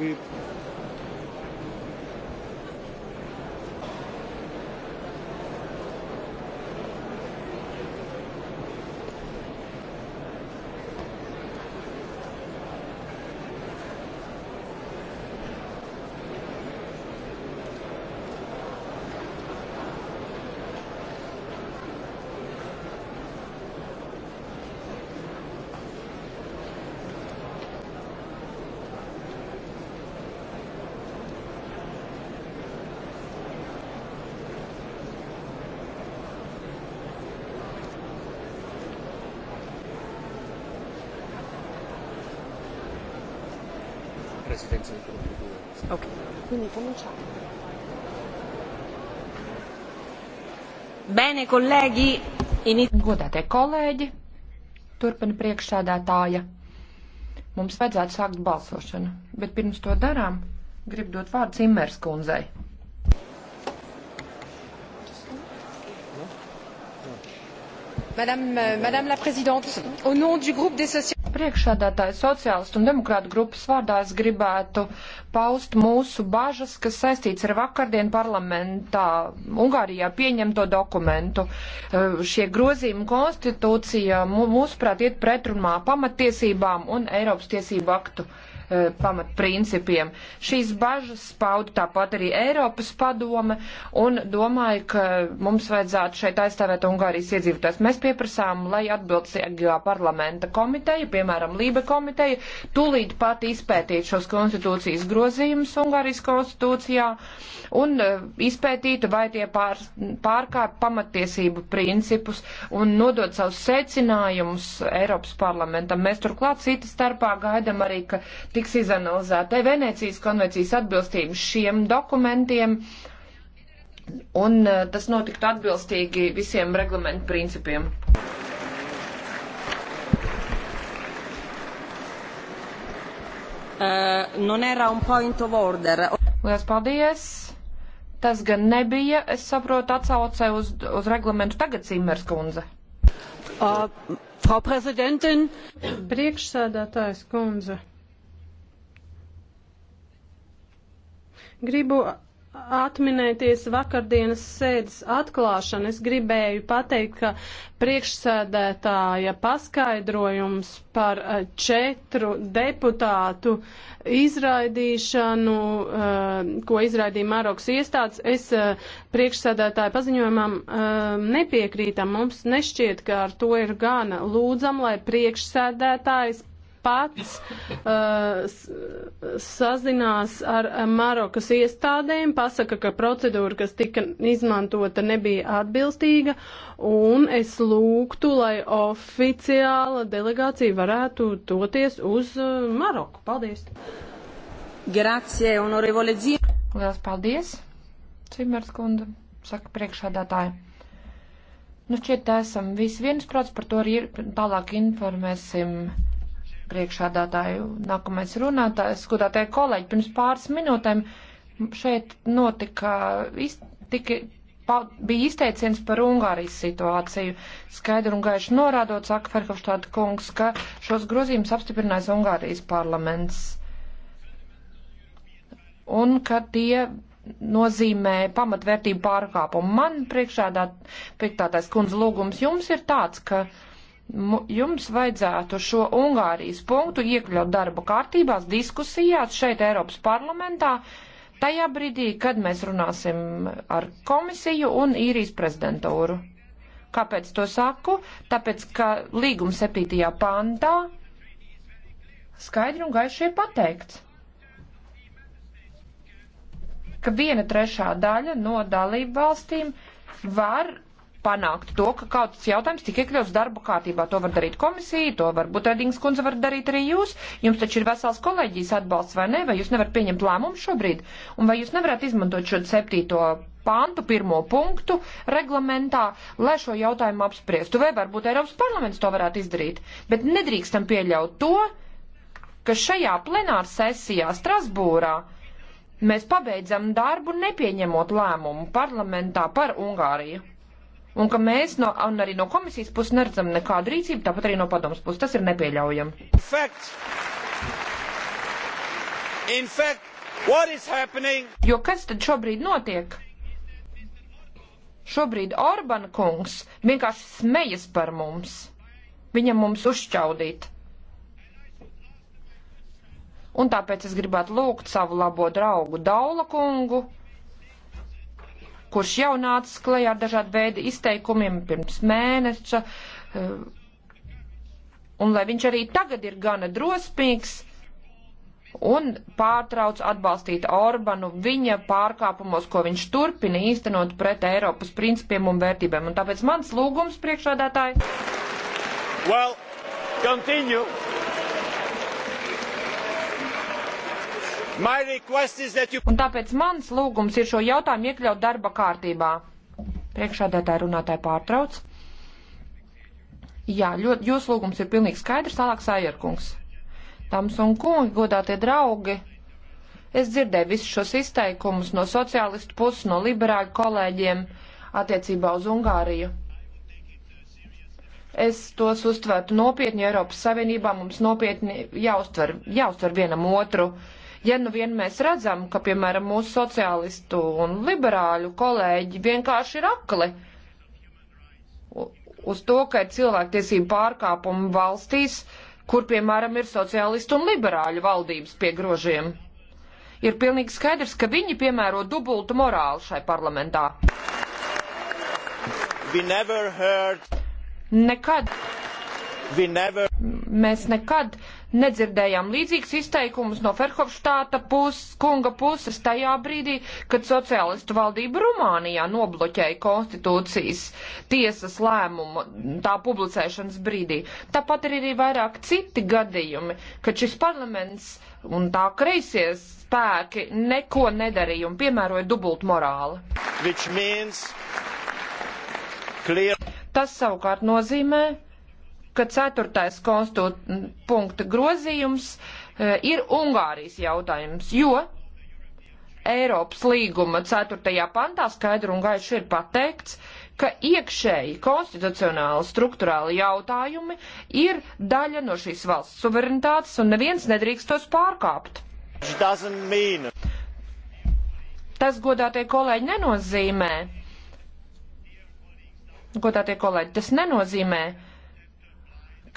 we presidenza del 22. Ok, quindi cominciamo. Bene, kolēģi, init... Godātie kolēģi, turpina priekšsēdētāja. Mums vajadzētu sākt balsošanu, bet pirms to darām, gribu dot vārdu Cimmers kundzei. Euh, Madame la Présidente, au nom du groupe des socialistes. Priekšādātāja sociālistu un demokrātu grupas vārdā es gribētu paust mūsu bažas, kas saistīts ar vakardien parlamentā Ungārijā pieņemto dokumentu. Uh, šie grozījumi konstitūcijā mūsuprāt iet pretrunā pamatiesībām un Eiropas tiesību aktu Eh, pamatprincipiem. Šīs bažas pauda tāpat arī Eiropas padome un domāju, ka mums vajadzētu šeit aizstāvēt Ungārijas iedzīvotājs. Mēs pieprasām, lai atbildīgā parlamenta komiteja, piemēram, Lībe komiteja, tūlīt pat izpētītu šos konstitūcijas grozījumus Ungārijas konstitūcijā un eh, izpētītu, vai tie pār, pārkāp pamatiesību principus un nodot savus secinājumus Eiropas parlamentam. Mēs turklāt citas starpā gaidam arī, ka tiks izanalizēta Venecijas konvencijas atbilstība šiem dokumentiem. Un eh, tas notiktu atbilstīgi visiem reglamentu principiem. Uh, non era un point of order. Lielas paldies! Tas gan nebija, es saprotu, atsaucē uz, uz reglamentu tagad Cimers kundze. Uh, Frau Prezidentin! Priekšsēdētājs kundze! Gribu atminēties vakardienas sēdes atklāšanu. Es gribēju pateikt, ka priekšsēdētāja paskaidrojums par eh, četru deputātu izraidīšanu, eh, ko izraidīja Marokas iestādes, es eh, priekšsēdētāja paziņojumam nepiekrītam. Mums nešķiet, ka ar to ir gana. Lūdzam, lai priekšsēdētājs pats uh, sazinās ar Marokas iestādēm, pasaka, ka procedūra, kas tika izmantota, nebija atbilstīga, un es lūgtu, lai oficiāla delegācija varētu doties uz uh, Maroku. Paldies! Grazie, onorevole Zīme. Lielas paldies, Cimers kundze, saka priekšādātāja. Nu, šķiet, esam visi viensprāts, par to arī tālāk informēsim priekšādātāju. Nākamais runātājs, skudātāji kolēģi, pirms pāris minūtēm šeit notika, iz, tika, pa, bija izteiciens par Ungārijas situāciju. Skaidri un gaiši norādot, saka Ferhofstāda kungs, ka šos grozījumus apstiprinās Ungārijas parlaments. Un ka tie nozīmē pamatvērtību pārkāpumu. Man priekšādā piektātais kundze lūgums jums ir tāds, ka. Uh, jums vajadzētu šo Ungārijas punktu iekļaut darba kārtībās, diskusijās šeit Eiropas parlamentā, tajā brīdī, kad mēs runāsim ar komisiju un īrijas prezidentūru. Kāpēc to saku? Tāpēc, ka līguma 7. pantā skaidri un gaiši ir pateikts, ka viena trešā daļa no dalību valstīm var panākt to, ka kaut kāds jautājums tik iekļauts darba kārtībā. To var darīt komisija, to varbūt Redings kundze var darīt arī jūs. Jums taču ir vesels kolēģijas atbalsts vai ne, vai jūs nevarat pieņemt lēmumu šobrīd, un vai jūs nevarat izmantot šo septīto pāntu, pirmo punktu reglamentā, lai šo jautājumu apspriestu, vai varbūt Eiropas parlaments to varētu izdarīt. Bet nedrīkstam pieļaut to, ka šajā plenāra sesijā Strasbūrā mēs pabeidzam darbu nepieņemot lēmumu parlamentā par Ungāriju un ka mēs no, un arī no komisijas puses neredzam nekādu rīcību, tāpat arī no padomas puses. Tas ir nepieļaujami. In fact, in fact, jo kas tad šobrīd notiek? Šobrīd Orbán kungs vienkārši smejas par mums. Viņam mums uzšķaudīt. Un tāpēc es gribētu lūgt savu labo draugu Daula kungu kurš jau nācis klajā ar dažādu veidu izteikumiem pirms mēneša, eh, un lai viņš arī tagad ir gana drosmīgs un pārtrauc atbalstīt Orbanu viņa pārkāpumos, ko viņš turpina īstenot pret Eiropas principiem un vērtībēm. Un tāpēc mans lūgums priekšādātāji. Well, continue. You... Un tāpēc mans lūgums ir šo jautājumu iekļaut darba kārtībā. Priekšādētāja runātāja pārtrauc. Jā, ļoti, jūs lūgums ir pilnīgi skaidrs, tālāk Sajerkungs. Tams un kungi, godātie draugi, es dzirdēju visus šos izteikumus no sociālistu puses, no liberāļu kolēģiem attiecībā uz Ungāriju es tos uztvertu nopietni, jo Eiropas Savienībā mums nopietni jāuztver, jāuztver vienam otru. Uh, Ja nu vien mēs redzam, ka, piemēram, mūsu sociālistu un liberāļu kolēģi vienkārši ir akli uz to, ka ir cilvēktiesību pārkāpumi valstīs, kur, piemēram, ir sociālistu un liberāļu valdības pie grožiem. Ir pilnīgi skaidrs, ka viņi piemēro dubultu morālu šai parlamentā. Heard... Nekad. Never... Mēs nekad nedzirdējām līdzīgas izteikumus no Ferhofštāta puses, kunga puses tajā brīdī, kad sociālistu valdība Rumānijā nobloķēja konstitūcijas tiesas lēmumu tā publicēšanas brīdī. Tāpat ir arī vairāk citi gadījumi, kad šis parlaments un tā kreisie spēki neko nedarīja un piemēroja dubult morāli. Tas savukārt nozīmē, ka ceturtais konstitūta punkta grozījums e, ir Ungārijas jautājums, jo Eiropas līguma 4. pantā skaidri un gaiši ir pateikts, ka iekšēji konstitucionāli struktūrāli jautājumi ir daļa no šīs valsts suverenitātes un neviens nedrīkst tos pārkāpt. Tas, godātie kolēģi, nenozīmē, godātie kolēģi, tas nenozīmē,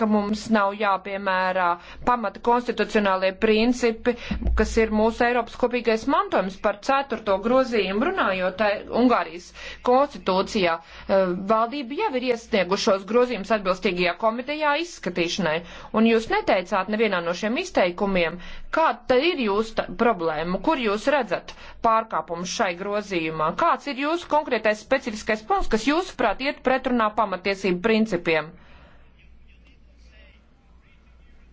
ka mums nav jāpiemērā pamata konstitucionālie principi, kas ir mūsu Eiropas kopīgais mantojums par ceturto grozījumu runājot eh, Ungārijas konstitūcijā. Eh, valdība jau ir iesniegušos grozījumus atbilstīgajā komitejā izskatīšanai, un jūs neteicāt nevienā no šiem izteikumiem, kāda ir jūsu problēma, kur jūs redzat pārkāpumus šai grozījumā, kāds ir jūsu konkrētais specifiskais punkts, kas jūsuprāt iet pretrunā pamatiesību principiem.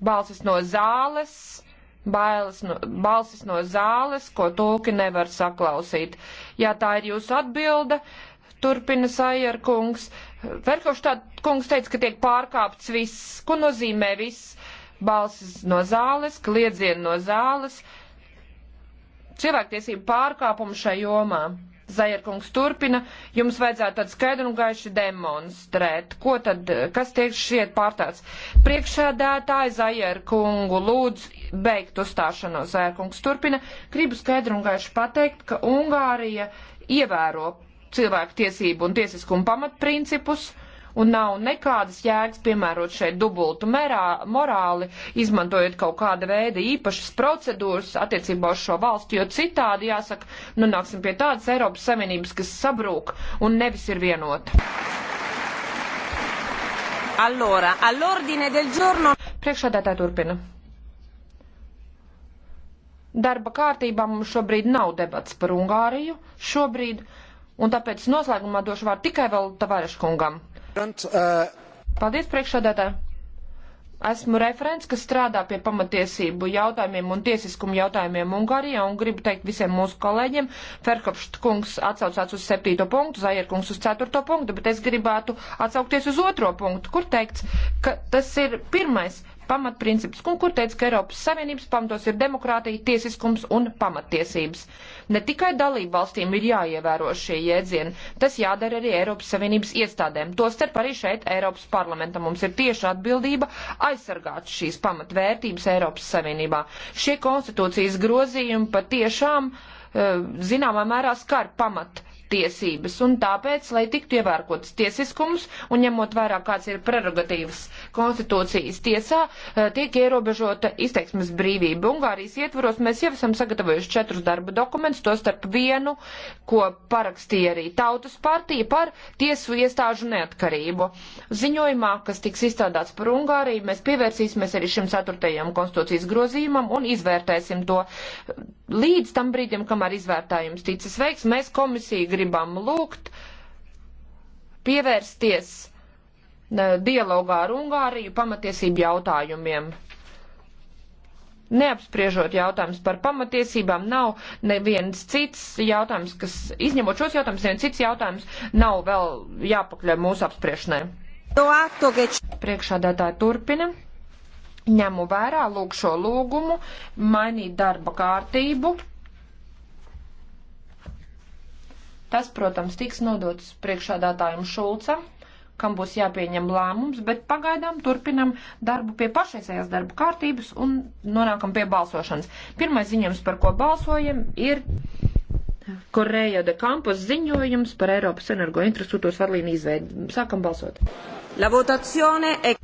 Balsis no zāles, bailes no, balsis no zāles, ko tūki nevar saklausīt. Ja tā ir jūsu atbilde, turpina Sajer kungs. Verhofstāt kungs teica, ka tiek pārkāpts viss. Ko nozīmē viss? Balsis no zāles, kliedzien no zāles. Cilvēktiesību pārkāpumu šai jomā. Zajerkungs turpina, jums vajadzētu tad skaidru un gaišu demonstrēt. Ko tad, kas tiek šiet pārtāts? Priekšēdētāji Zajerkungu lūdzu beigt uzstāšanos. Zajerkungs turpina, gribu skaidru un gaišu pateikt, ka Ungārija ievēro cilvēku tiesību un tiesiskumu pamatprincipus un nav nekādas jēgas piemērot šeit dubultu merā, morāli, izmantojot kaut kāda veida īpašas procedūras attiecībā uz šo valstu, jo citādi, jāsaka, nonāksim nu, pie tādas Eiropas Savienības, kas sabrūk un nevis ir vienota. Allora, all'ordine del giorno. Priekšādātāja turpina. Darba kārtībā mums šobrīd nav debats par Ungāriju šobrīd, un tāpēc noslēgumā došu vārdu tikai vēl Tavareša kungam. Uh, Paldies, priekšsādātāji! Esmu referents, kas strādā pie pamatiesību jautājumiem un tiesiskumu jautājumiem Ungārijā un gribu teikt visiem mūsu kolēģiem, Ferkopšt kungs atsaucās uz septīto punktu, Zajer kungs uz ceturto punktu, bet es gribētu atsaukties uz otro punktu, kur teikts, ka tas ir pirmais pamatprincipus, un kur teica, ka Eiropas Savienības pamatos ir demokrātija, tiesiskums un pamatiesības. Ne tikai dalību valstīm ir jāievēro šie jēdzieni, tas jādara arī Eiropas Savienības iestādēm. Tostarp arī šeit Eiropas parlamentam mums ir tieša atbildība aizsargāt šīs pamatvērtības Eiropas Savienībā. Šie konstitūcijas grozījumi patiešām eh, zināmā mērā skar pamat tiesības, un tāpēc, lai tiktu ievērkots tiesiskums un ņemot vērā, kāds ir prerogatīvas konstitūcijas tiesā, eh, tiek ierobežota izteiksmes brīvība. Ungārijas ietvaros mēs jau esam sagatavojuši četrus darba dokumentus, to starp vienu, ko parakstīja arī Tautas partija par tiesu iestāžu neatkarību. Ziņojumā, kas tiks izstrādāts par Ungāriju, mēs pievērsīsimies arī šim ceturtajam konstitūcijas grozījumam un izvērtēsim to līdz tam brīdim, kamēr izvērtājums ticis veiks, mēs komisiju gribam lūgt pievērsties dialogā ar Ungāriju pamatiesību jautājumiem. Neapspriežot jautājums par pamatiesībām, nav neviens cits jautājums, kas, izņemot šos jautājumus, neviens cits jautājums nav vēl jāpakļauj mūsu apspriešanai. Priekšādātāja turpina ņemu vērā lūk šo lūgumu, mainīt darba kārtību. Tas, protams, tiks nodots priekšādātājiem Šulcam, kam būs jāpieņem lēmums, bet pagaidām turpinam darbu pie pašreizējās darba kārtības un nonākam pie balsošanas. Pirmais ziņojums, par ko balsojam, ir Koreja de Campos ziņojums par Eiropas energo infrastruktūras vadlīnu izveidi. Sākam balsot. La votazione è... E